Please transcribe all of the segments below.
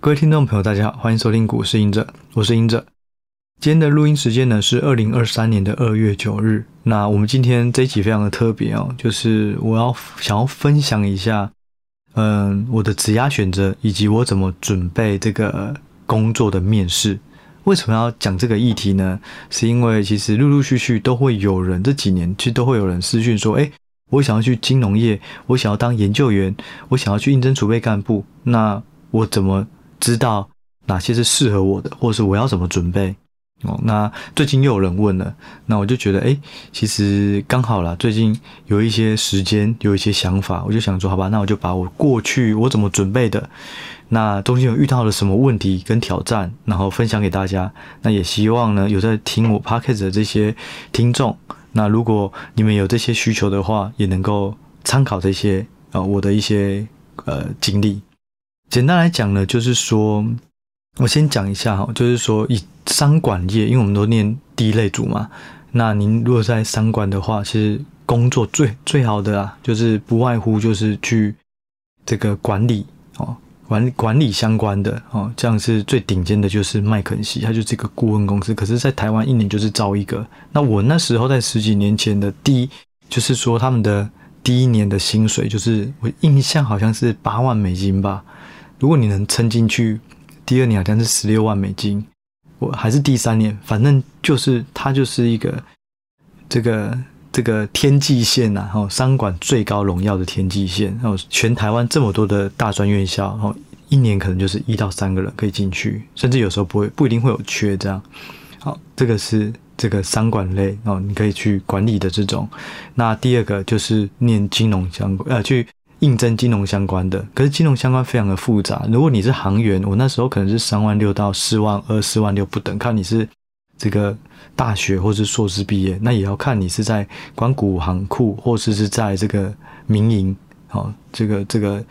各位聽眾朋友，大家好，歡迎收聽股《股市隱者》，我是隱者。今天的錄音時間呢是二零二三年的二月九日。那我們今天這一集非常的特別哦，就是我要想要分享一下，嗯、呃，我的職涯選擇以及我怎麼準備這個、呃、工作的面試。為什麼要講這個議題呢？是因為其實陸陸續續都會有人，這幾年其實都會有人私訊說：“哎，我想要去金融業，我想要當研究員，我想要去應徵儲備幹部。”那我怎麼知道哪些是適合我的，或者是我要怎麼準備哦？那最近又有人問了，那我就覺得，哎，其實剛好啦，最近有一些時間，有一些想法，我就想說，好吧，那我就把我過去我怎麼準備的，那中間有遇到了什麼問題跟挑戰，然後分享給大家。那也希望呢，有在聽我 podcast 的這些聽眾，那如果你們有這些需求的話，也能夠參考這些啊、呃，我的一些呃經歷。簡單來講呢，就是說，我先講一下哈，就是說以商管業，因為我們都念第一類組嘛。那您如果在商管的話，其實工作最最好的啊，就是不外乎就是去這個管理哦，管管理相關的哦，這樣是最頂尖的，就是麥肯錫，它就是一個顧問公司。可是，在台灣一年就是招一個。那我那時候在十幾年前的第一，就是說他們的第一年的薪水，就是我印象好像是八萬美金吧。如果你能撐進去，第二年好像是十六萬美金，我還是第三年，反正就是它就是一個這個這個天際線吶、啊，哦，商管最高榮耀的天際線，哦，全台灣這麼多的大專院校，哦，一年可能就是一到三個人可以進去，甚至有時候不會不一定會有缺這樣。好、哦，這個是這個商管類哦，你可以去管理的這種。那第二個就是念金融相關，呃，去。應徵金融相關的，可是金融相關非常的複雜。如果你是行員，我那時候可能是三萬六到四萬二、四萬六不等，看你是這個大學或是碩士畢業，那也要看你是在公股行庫，或是是在這個民營，哦，這個這個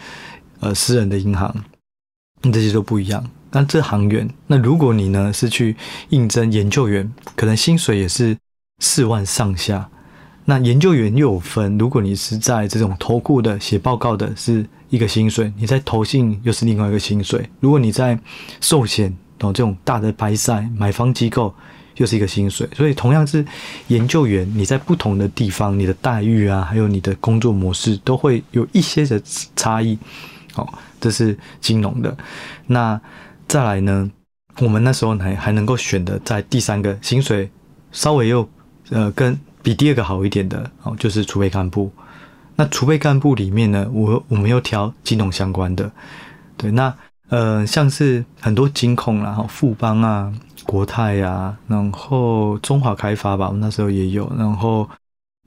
呃私人的銀行，嗯，這些都不一樣。那這行員，那如果你呢是去應徵研究員，可能薪水也是四萬上下。那研究員又有分，如果你是在這種投顧的寫報告的是一個薪水，你在投信又是另外一個薪水。如果你在壽險哦這種大的拍賽買方機構又是一個薪水。所以同樣是研究員，你在不同的地方，你的待遇啊，還有你的工作模式都會有一些的差異。好、哦，這是金融的。那再來呢，我們那時候還還能夠選的在第三個薪水稍微又呃跟。比第二個好一點的哦，就是儲備幹部。那儲備幹部裡面呢，我我們又挑金融相關的。對，那呃，像是很多金控啦，富邦啊、國泰啊，然後中華開發吧，我們那時候也有，然後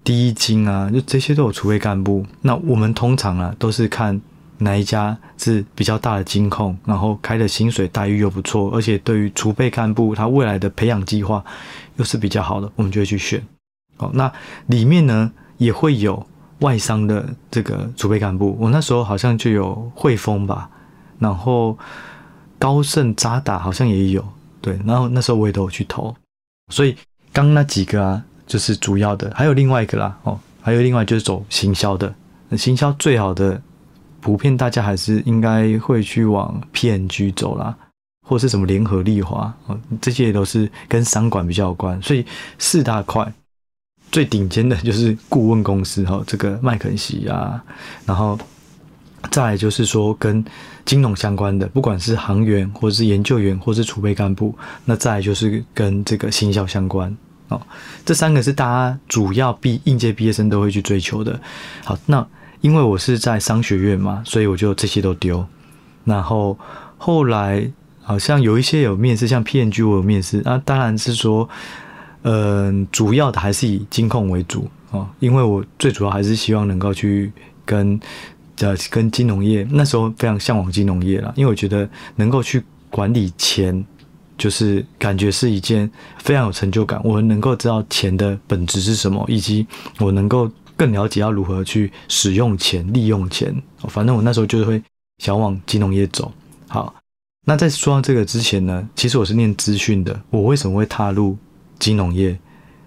第一金啊，就這些都有儲備幹部。那我們通常啊，都是看哪一家是比較大的金控，然後開的薪水待遇又不錯，而且對於儲備幹部他未來的培養計劃又是比較好的，我們就會去選。哦，那裡面呢也會有外商的這個儲備幹部，我那時候好像就有匯豐吧，然後高盛、渣打，好像也有，對，然後那時候我也都有去投，所以剛那幾個啊就是主要的，還有另外一個啦，哦，還有另外就是走行銷的，那行銷最好的普遍大家還是應該會去往 P&G 走啦。或是什麼聯合利華哦，這些也都是跟商管比較有關，所以四大塊。最頂尖的就是顧問公司，哈，這個麥肯錫啊，然後再來就是說跟金融相關的，不管是行員或者是研究員，或是儲備幹部，那再來就是跟這個行銷相關哦，這三個是大家主要畢應屆畢業生都會去追求的。好，那因為我是在商學院嘛，所以我就這些都丟。然後後來好像有一些有面試，像 P&G and 我有面試，那、啊、當然是說。嗯，主要的還是以金控為主啊、哦，因為我最主要還是希望能夠去跟呃跟金融業，那時候非常向往金融業啦，因為我覺得能夠去管理錢，就是感覺是一件非常有成就感。我能夠知道錢的本質是什麼，以及我能夠更了解要如何去使用錢、利用錢。哦、反正我那時候就是會想往金融業走。好，那在說到這個之前呢，其實我是念資訊的，我為什麼會踏入？金融業，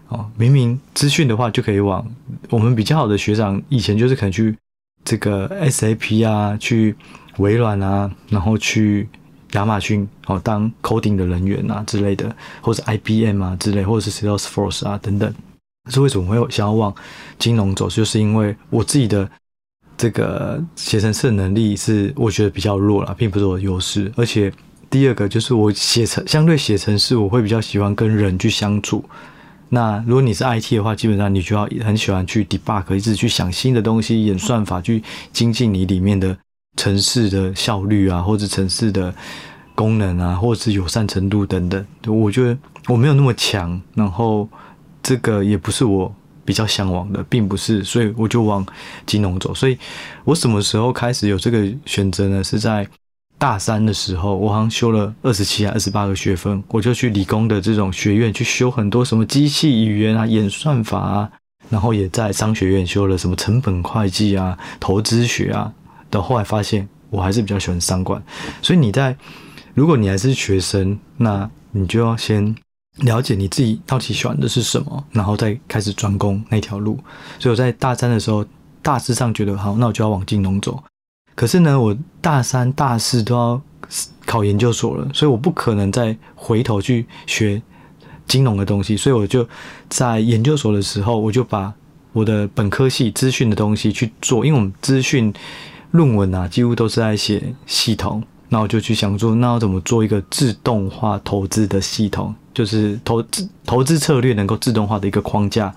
哦，明明資訊的話就可以往我們比較好的學長，以前就是可能去這個 SAP 啊，去微軟啊，然後去亞馬遜哦當 coding 的人員啊之類的，或者 IBM 啊之類，或者是 Salesforce 啊等等。但是為什麼我會想要往金融走？就是因為我自己的這個寫程式能力是我覺得比較弱啦，並不是我的優勢，而且。第二個就是我寫成，相對寫程式，我會比較喜歡跟人去相處。那如果你是 IT 的話，基本上你就要很喜歡去 debug，一直去想新的東西，演算法，去精進你裡面的程式的效率啊，或者程式的功能啊，或者是友善程度等等。我覺得我沒有那麼強，然後這個也不是我比較向往的，並不是，所以我就往金融走。所以我什麼時候開始有這個選擇呢？是在。大三的時候，我好像修了二十七啊二十八個學分，我就去理工的這種學院去修很多什麼機器語言啊、演算法啊，然後也在商學院修了什麼成本會計啊、投資學啊。到後來發現，我還是比較喜歡商管，所以你在如果你還是學生，那你就要先了解你自己到底喜歡的是什麼，然後再開始專攻那條路。所以我在大三的時候，大致上覺得好，那我就要往金融走。可是呢，我大三、大四都要考研究所了，所以我不可能再回頭去學金融的東西，所以我就在研究所的時候，我就把我的本科系資訊的東西去做，因為我們資訊論文啊，幾乎都是在寫系統，那我就去想說，那要怎麼做一個自動化投資的系統，就是投資投資策略能夠自動化的一個框架。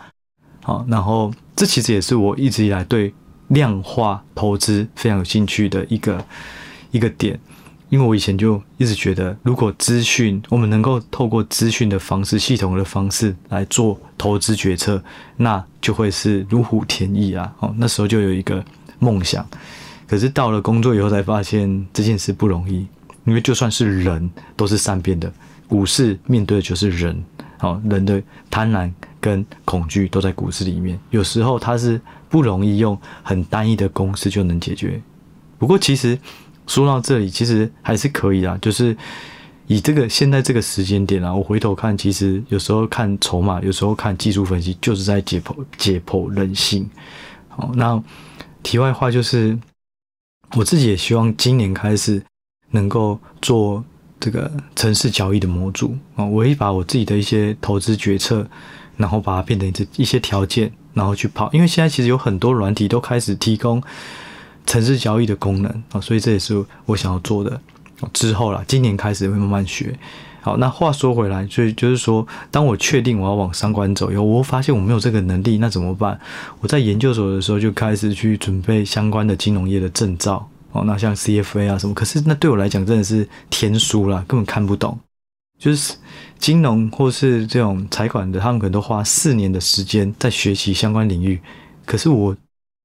好，然後這其實也是我一直以來對。量化投資非常有興趣的一個一個點，因為我以前就一直覺得，如果資訊我們能夠透過資訊的方式、系統的方式來做投資決策，那就會是如虎添翼啊！哦，那時候就有一個夢想，可是到了工作以後才發現這件事不容易，因為就算是人都是善變的，股市面對的就是人，哦，人的貪婪跟恐懼都在股市裡面，有時候他是。不容易用很單一的公式就能解決，不過其實說到這裡，其實還是可以啦。就是以這個現在這個時間點啊，我回頭看，其實有時候看籌碼，有時候看技術分析，就是在解剖解剖人性。好，那題外話就是，我自己也希望今年開始能夠做這個程式交易的模組啊，我也把我自己的一些投資決策，然後把它變成一些條件。然後去跑，因為現在其實有很多軟體都開始提供程式交易的功能啊，所以這也是我想要做的。之後啦，今年開始會慢慢學。好，那話說回來，所以就是說，當我確定我要往商管走以後，我會發現我沒有這個能力，那怎麼辦？我在研究所的時候就開始去準備相關的金融業的證照哦，那像 CFA 啊什麼，可是那對我來講真的是天書啦，根本看不懂。就是金融或是這種財管的，他們可能都花四年的時間在學習相關領域。可是我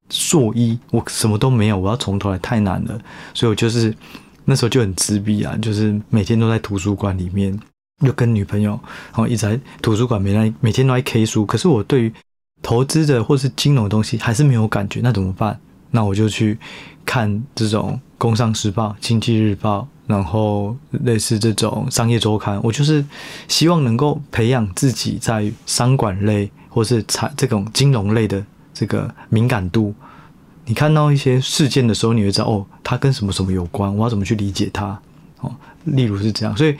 碩一，我什麼都沒有，我要從頭來，太難了。所以我就是那時候就很自閉啊，就是每天都在圖書館裡面，就跟女朋友，然、嗯、後一直在圖書館，每天每天都在 K 書。可是我對於投資的或是金融的東西還是沒有感覺，那怎麼辦？那我就去看這種《工商時報》《經濟日報》。然後類似這種商業週刊，我就是希望能夠培養自己在商管類或是財這種金融類的這個敏感度。你看到一些事件的時候，你會知道哦，它跟什麼什麼有關，我要怎麼去理解它？哦，例如是這樣，所以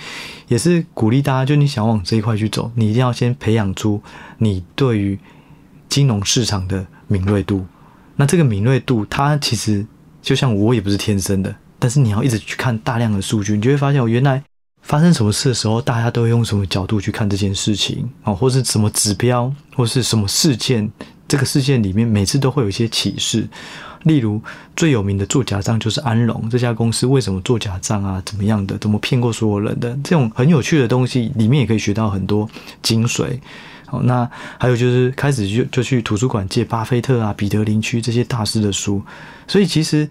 也是鼓勵大家，就你想往這一塊去走，你一定要先培養出你對於金融市場的敏銳度。那這個敏銳度，它其實就像我也不是天生的。但是你要一直去看大量的數據，你就會發現，哦，原來發生什麼事的時候，大家都會用什麼角度去看這件事情啊、哦，或是什麼指標，或是什麼事件，這個事件裡面每次都會有一些啟示。例如，最有名的作假賬就是安隆這家公司，為什麼作假賬啊？怎麼樣的？怎麼騙過所有人的？這種很有趣的東西，裡面也可以學到很多精髓。好、哦，那還有就是開始就就去圖書館借巴菲特啊、彼得林區這些大師的書，所以其實。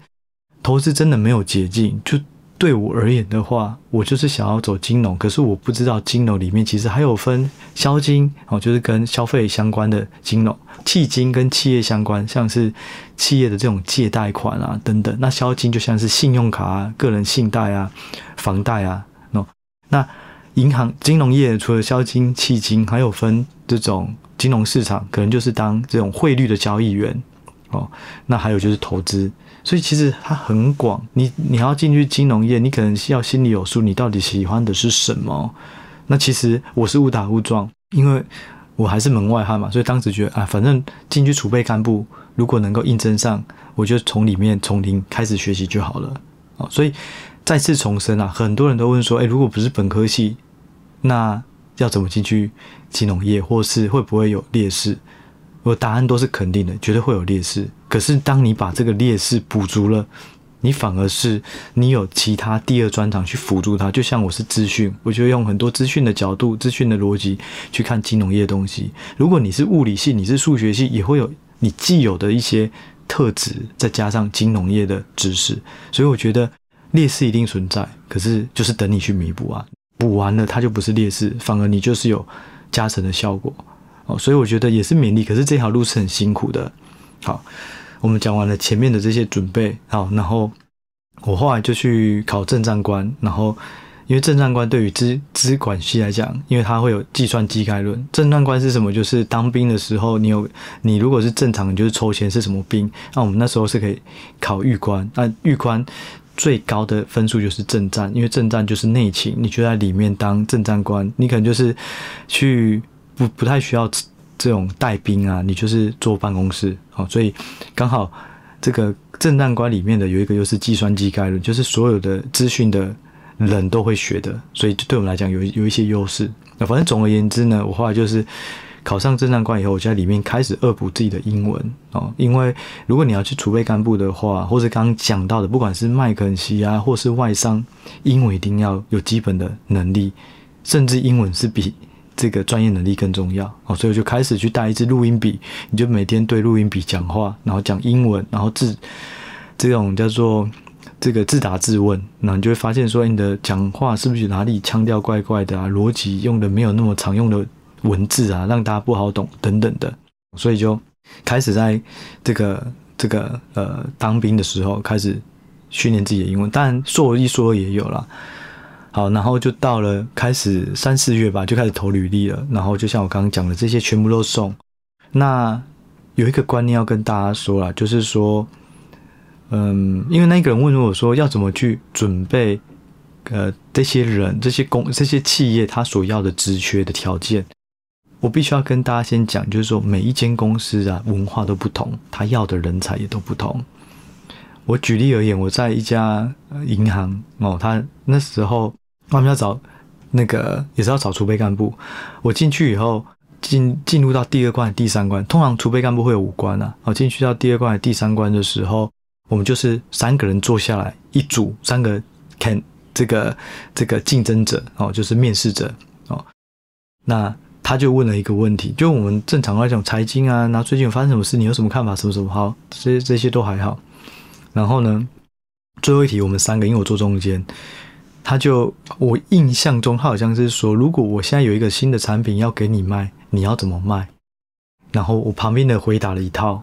投資真的沒有捷徑。就對我而言的話，我就是想要走金融，可是我不知道金融裡面其實還有分消金哦，就是跟消費相關的金融，企金跟企業相關，像是企業的這種借貸款啊等等。那消金就像是信用卡啊、個人信貸啊、房貸啊。那銀行金融業除了消金、企金，還有分這種金融市場，可能就是當這種匯率的交易員哦。那還有就是投資。所以其實它很廣，你你還要進去金融業，你可能要心裡有數，你到底喜歡的是什麼？那其實我是誤打誤撞，因為我還是門外漢嘛，所以當時覺得啊，反正進去儲備幹部，如果能夠應徵上，我就從裡面從零開始學習就好了啊。哦，所以再次重申啊，很多人都問說，哎，如果不是本科系，那要怎麼進去金融業，或是會不會有劣勢？我答案都是肯定的，絕對會有劣勢。可是，當你把這個劣勢補足了，你反而是你有其他第二專長去輔助它。就像我是資訊，我就用很多資訊的角度、資訊的邏輯去看金融業的東西。如果你是物理系，你是數學系，也會有你既有的一些特質，再加上金融業的知識。所以我覺得劣勢一定存在，可是就是等你去彌補啊。補完了，它就不是劣勢，反而你就是有加成的效果哦。所以我覺得也是勉勵，可是這條路是很辛苦的。好。我們講完了前面的這些準備，好，然後我後來就去考政戰官，然後因為政戰官對於資資管系來講，因為它會有計算機概論。政戰官是什麼？就是當兵的時候，你有你如果是正常，就是抽籤是什麼兵。那我們那時候是可以考預官，那預官最高的分數就是政戰，因為政戰就是內勤，你就在裡面當政戰官，你可能就是去不不太需要。這種帶兵啊，你就是坐辦公室哦，所以剛好這個政戰官裡面的有一個又是計算機概論，就是所有的資訊的人都會學的，所以就對我們來講有一有一些優勢。那反正總而言之呢，我後來就是考上政戰官以後，我就在裡面開始惡補自己的英文哦，因為如果你要去儲備幹部的話，或是剛剛講到的，不管是麥肯錫啊，或是外商，英文一定要有基本的能力，甚至英文是比。這個專業能力更重要哦，所以我就開始去帶一支錄音筆，你就每天對錄音筆講話，然後講英文，然後自這種叫做這個自答自問，那你就會發現說，你的講話是不是哪裡腔調怪怪的啊，邏輯用的沒有那麼常用的文字啊，讓大家不好懂等等的，所以就開始在這個這個呃當兵的時候開始訓練自己的英文，當然說一說也有啦。好，然後就到了開始三四月吧，就開始投履歷了。然後就像我剛剛講的，這些全部都送。那有一個觀念要跟大家說啦，就是說，嗯，因為那個人問我說要怎麼去準備，呃，這些人、這些公、這些企業他所要的職缺的條件，我必須要跟大家先講，就是說，每一間公司啊，文化都不同，他要的人才也都不同。我舉例而言，我在一家銀行哦，他那時候。啊、我們要找那個也是要找儲備幹部。我進去以後，進進入到第二關、第三關，通常儲備幹部會有五關啊。哦，進去到第二關、第三關的時候，我們就是三個人坐下來，一組三個看這個這個競爭者哦，就是面試者哦。那他就問了一個問題，就我們正常來講財經啊，那最近有發生什麼事？你有什麼看法？什麼什麼好？這些這些都還好。然後呢，最後一題我們三個，因為我坐中間。他就我印象中，他好像是說，如果我現在有一個新的產品要給你賣，你要怎麼賣？然後我旁邊的回答了一套，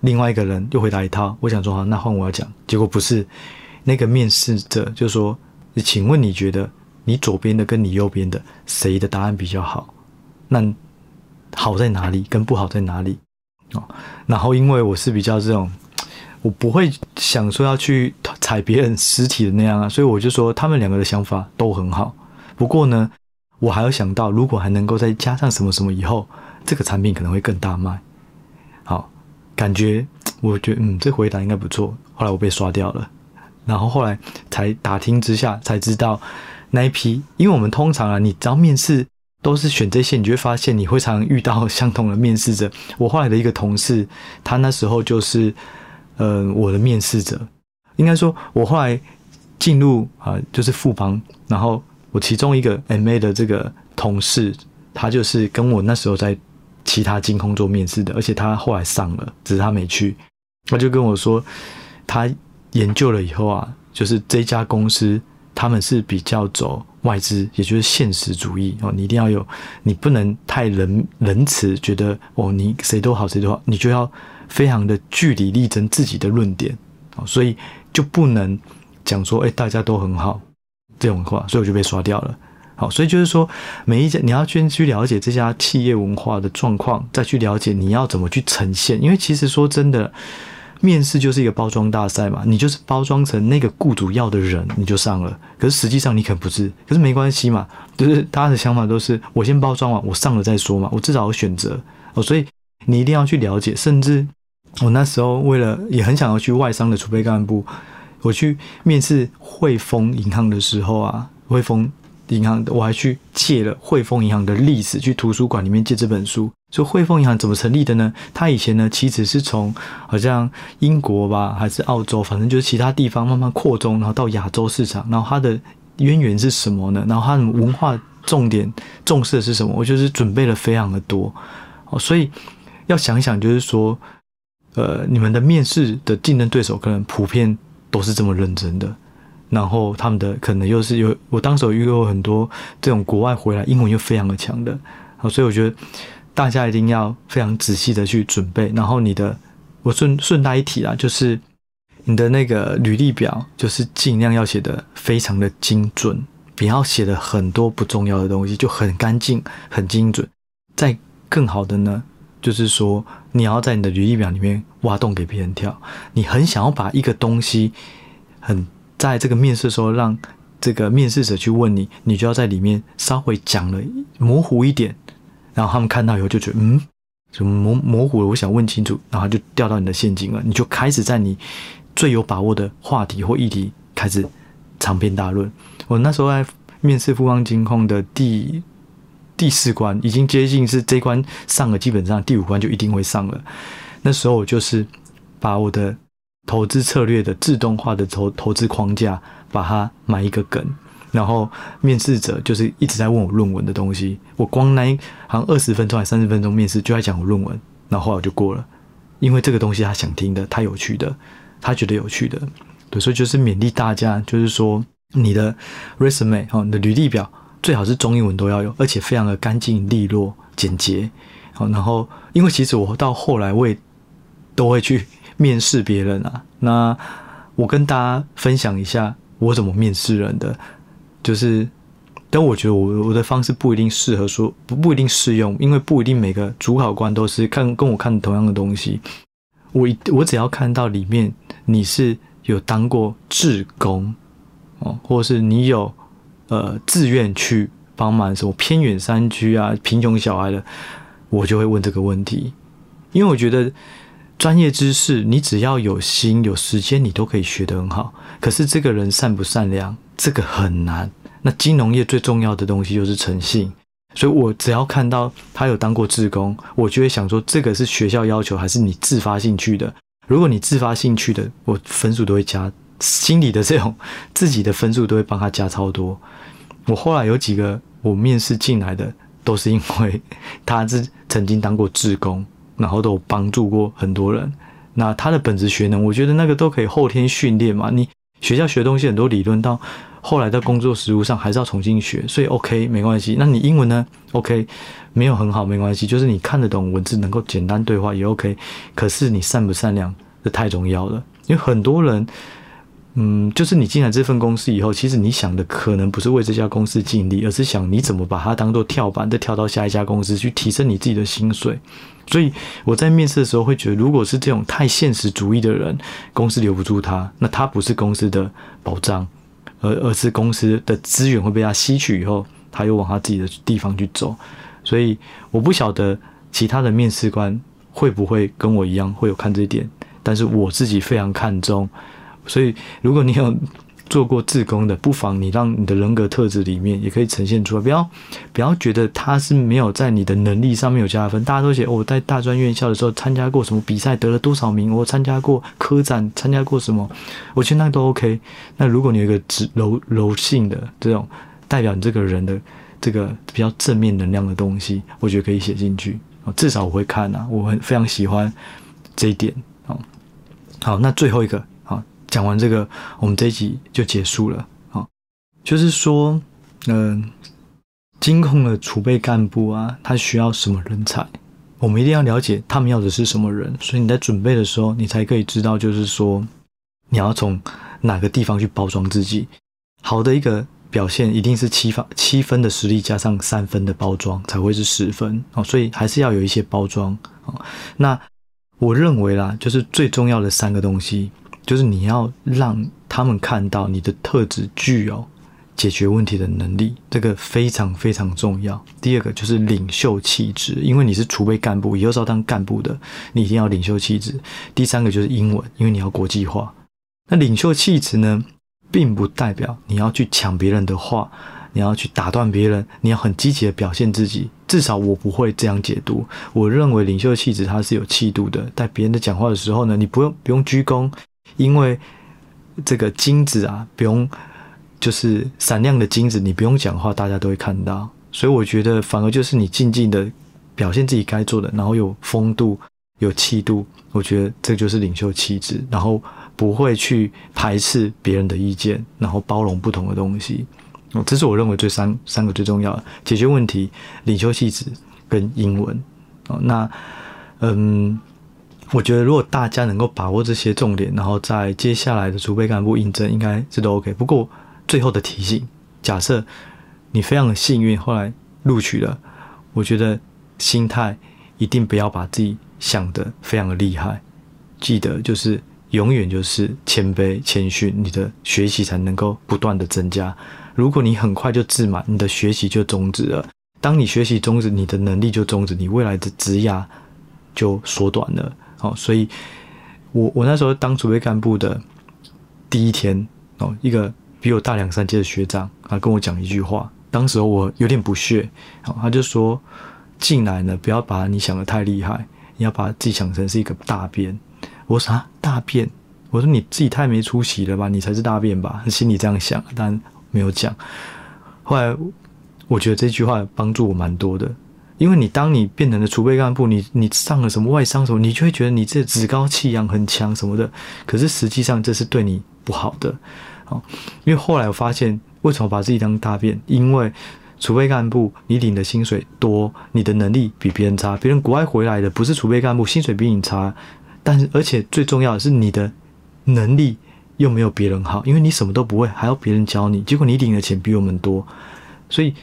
另外一個人又回答一套。我想說，好，那換我要講。結果不是，那個面試者就說，請問你覺得你左邊的跟你右邊的誰的答案比較好？那好在哪裡，跟不好在哪裡？哦，然後因為我是比較這種。我不會想說要去踩別人屍體的那樣啊，所以我就說他們兩個的想法都很好。不過呢，我還要想到，如果還能夠再加上什麼什麼以後，這個產品可能會更大賣。好，感覺我覺得嗯，這回答應該不錯。後來我被刷掉了，然後後來才打聽之下才知道那一批，因為我們通常啊，你只要面試都是選這些，你就會發現你會常遇到相同的面試者。我後來的一個同事，他那時候就是。呃，我的面試者應該說，我後來進入啊、呃，就是富邦，然後我其中一個 MA 的這個同事，他就是跟我那時候在其他金控做面試的，而且他後來上了，只是他沒去，他就跟我說，他研究了以後啊，就是這家公司他們是比較走外資，也就是現實主義哦，你一定要有，你不能太仁仁慈，覺得哦，你誰都好誰都好，你就要，非常的據理力爭自己的論點啊，所以就不能講說哎、欸、大家都很好這種話，所以我就被刷掉了。好，所以就是說每一家你要先去了解這家企業文化的狀況，再去了解你要怎麼去呈現。因為其實說真的，面試就是一個包裝大賽嘛，你就是包裝成那個僱主要的人你就上了，可是實際上你可不是，可是沒關係嘛，就是大家的想法都是我先包裝完我上了再說嘛，我至少有選擇哦，所以你一定要去了解，甚至。我那時候為了也很想要去外商的儲備幹部，我去面試匯豐銀行的時候啊，匯豐銀行我還去借了匯豐銀行的歷史，去圖書館裡面借這本書，說匯豐銀行怎麼成立的呢？它以前呢其實是從好像英國吧，還是澳洲，反正就是其他地方慢慢擴充，然後到亞洲市場，然後它的淵源是什麼呢？然後它的文化重點重視的是什麼？我就是準備了非常的多，所以要想一想，就是說。呃，你們的面試的競爭對手可能普遍都是這麼認真的，然後他們的可能又是有，我當時我遇到很多這種國外回來，英文又非常的強的，啊，所以我覺得大家一定要非常仔細的去準備。然後你的，我順順帶一提啊，就是你的那個履歷表，就是盡量要寫的非常的精準，不要寫的很多不重要的東西，就很乾淨、很精準。再更好的呢，就是說。你要在你的履歷表裡面挖洞給別人跳，你很想要把一個東西，很在這個面試的時候讓這個面試者去問你，你就要在裡面稍微講了模糊一點，然後他們看到以後就覺得嗯，怎麼模模糊了？我想問清楚，然後就掉到你的陷阱了。你就開始在你最有把握的話題或議題開始長篇大論。我那時候在面試富邦金控的第第四關已經接近，是這一關上了，基本上第五關就一定會上了。那時候我就是把我的投資策略的自動化的投投資框架，把它埋一個梗，然後面試者就是一直在問我論文的東西。我光那好像二十分鐘還三十分鐘面試就在講我論文，然後後來我就過了，因為這個東西他想聽的，他有趣的，他覺得有趣的，對，所以就是勉勵大家，就是說你的 resume 哦，你的履歷表。最好是中英文都要有，而且非常的乾淨利落、簡潔。好，然後因為其實我到後來我也都會去面試別人啊。那我跟大家分享一下我怎麼面試人的，就是，但我覺得我我的方式不一定適合說，說不不一定適用，因為不一定每個主考官都是看跟我看同樣的東西。我我只要看到裡面你是有當過志工，哦，或是你有呃，自願去幫忙什麼偏遠山區啊、貧窮小孩的，我就會問這個問題，因為我覺得專業知識你只要有心有時間，你都可以學得很好。可是這個人善不善良，這個很難。那金融業最重要的東西就是誠信，所以我只要看到他有當過志工，我就會想說，這個是學校要求還是你自發興趣的？如果你自發興趣的，我分數都會加。心理的這種自己的分數都會幫他加超多。我後來有幾個我面試進來的，都是因為他是曾經當過志工，然後都有幫助過很多人。那他的本職學能，我覺得那個都可以後天訓練嘛。你學校學東西很多理論，到後來到工作實務上還是要重新學，所以 OK 沒關係。那你英文呢？OK 沒有很好沒關係，就是你看得懂文字，能夠簡單對話也 OK。可是你善不善良是太重要了，因為很多人。嗯，就是你進來這份公司以後，其實你想的可能不是為這家公司盡力，而是想你怎麼把它當作跳板，再跳到下一家公司去提升你自己的薪水。所以我在面試的時候會覺得，如果是這種太現實主義的人，公司留不住他，那他不是公司的保障，而而是公司的資源會被他吸取以後，他又往他自己的地方去走。所以我不曉得其他的面試官會不會跟我一樣會有看這一點，但是我自己非常看重。所以，如果你有做過志工的，不妨你讓你的人格特質裡面也可以呈現出來，不要不要覺得他是沒有在你的能力上面有加分。大家都寫我、哦、在大專院校的時候參加過什麼比賽，得了多少名，我、哦、參加過科展，參加過什麼，我覺得那個都 OK。那如果你有一個柔柔柔性的這種代表你這個人的這個比較正面能量的東西，我覺得可以寫進去，至少我會看啊，我會非常喜歡這一點哦。好，那最後一個。講完這個，我們這一集就結束了。好、哦，就是說，嗯、呃，金控的儲備幹部啊，他需要什麼人才？我們一定要了解他們要的是什麼人。所以你在準備的時候，你才可以知道，就是說，你要從哪個地方去包裝自己。好的一個表現，一定是七分七分的實力加上三分的包裝才會是十分啊、哦。所以還是要有一些包裝啊、哦。那我認為啦，就是最重要的三個東西。就是你要讓他們看到你的特質，具有解決問題的能力，這個非常非常重要。第二個就是領袖氣質，因為你是儲備幹部，以後是要當幹部的，你一定要領袖氣質。第三個就是英文，因為你要國際化。那領袖氣質呢，並不代表你要去搶別人的話，你要去打斷別人，你要很積極的表現自己。至少我不會這樣解讀。我認為領袖氣質它是有氣度的，在別人的講話的時候呢，你不用不用鞠躬。因為這個金子啊，不用就是閃亮的金子，你不用講的話，大家都會看到。所以我覺得，反而就是你靜靜的表現自己該做的，然後有風度、有氣度，我覺得這就是領袖氣質。然後不會去排斥別人的意見，然後包容不同的東西。這是我認為最三三個最重要的，解決問題、領袖氣質跟英文。哦，那嗯。我覺得如果大家能夠把握這些重點，然後在接下來的儲備幹部應徵，應該是都 OK。不過最後的提醒，假設你非常的幸運，後來錄取了，我覺得心態一定不要把自己想得非常的厲害。記得就是永遠就是謙卑、謙遜，你的學習才能夠不斷的增加。如果你很快就自滿，你的學習就終止了。當你學習終止，你的能力就終止，你未來的職涯就縮短了。好，哦，所以我、我我那時候當儲備幹部的第一天，哦，一個比我大兩三屆的學長，他、啊、跟我講一句話，當時候我有點不屑，哦、他就說，進來呢，不要把你想得太厲害，你要把自己想成是一個大便。我說啥、啊、大便？我說你自己太沒出息了吧，你才是大便吧，心裡這樣想，但沒有講。後來我覺得這句話幫助我蠻多的。因為你當你變成了儲備幹部，你你上了什麼外商什麼，你就會覺得你這趾高氣揚很強什麼的。可是實際上這是對你不好的，啊，因為後來我發現為什麼把自己當大便？因為儲備幹部你領的薪水多，你的能力比別人差。別人國外回來的不是儲備幹部，薪水比你差，但是而且最重要的是你的能力又沒有別人好，因為你什麼都不會，還要別人教你，結果你領的錢比我們多，所以。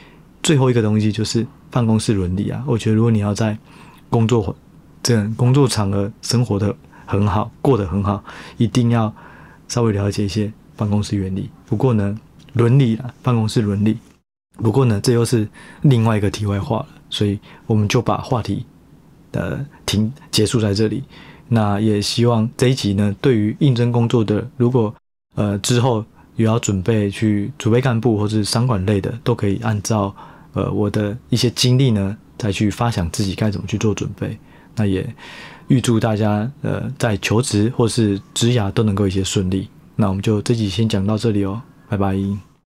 最後一個東西就是辦公室倫理啊，我覺得如果你要在工作這工作場合生活的很好，過得很好，一定要稍微了解一些辦公室倫理。不過呢，倫理啊，辦公室倫理，不過呢，這又是另外一個題外話了，所以我們就把話題呃停結束在這裡。那也希望這一集呢，對於應徵工作的，如果呃之後。有要準備去儲備幹部或是商管類的，都可以按照呃我的一些經歷呢，再去發想自己該怎麼去做準備。那也預祝大家呃在求職或是職涯都能夠一些順利。那我們就這集先講到這裡哦，拜拜。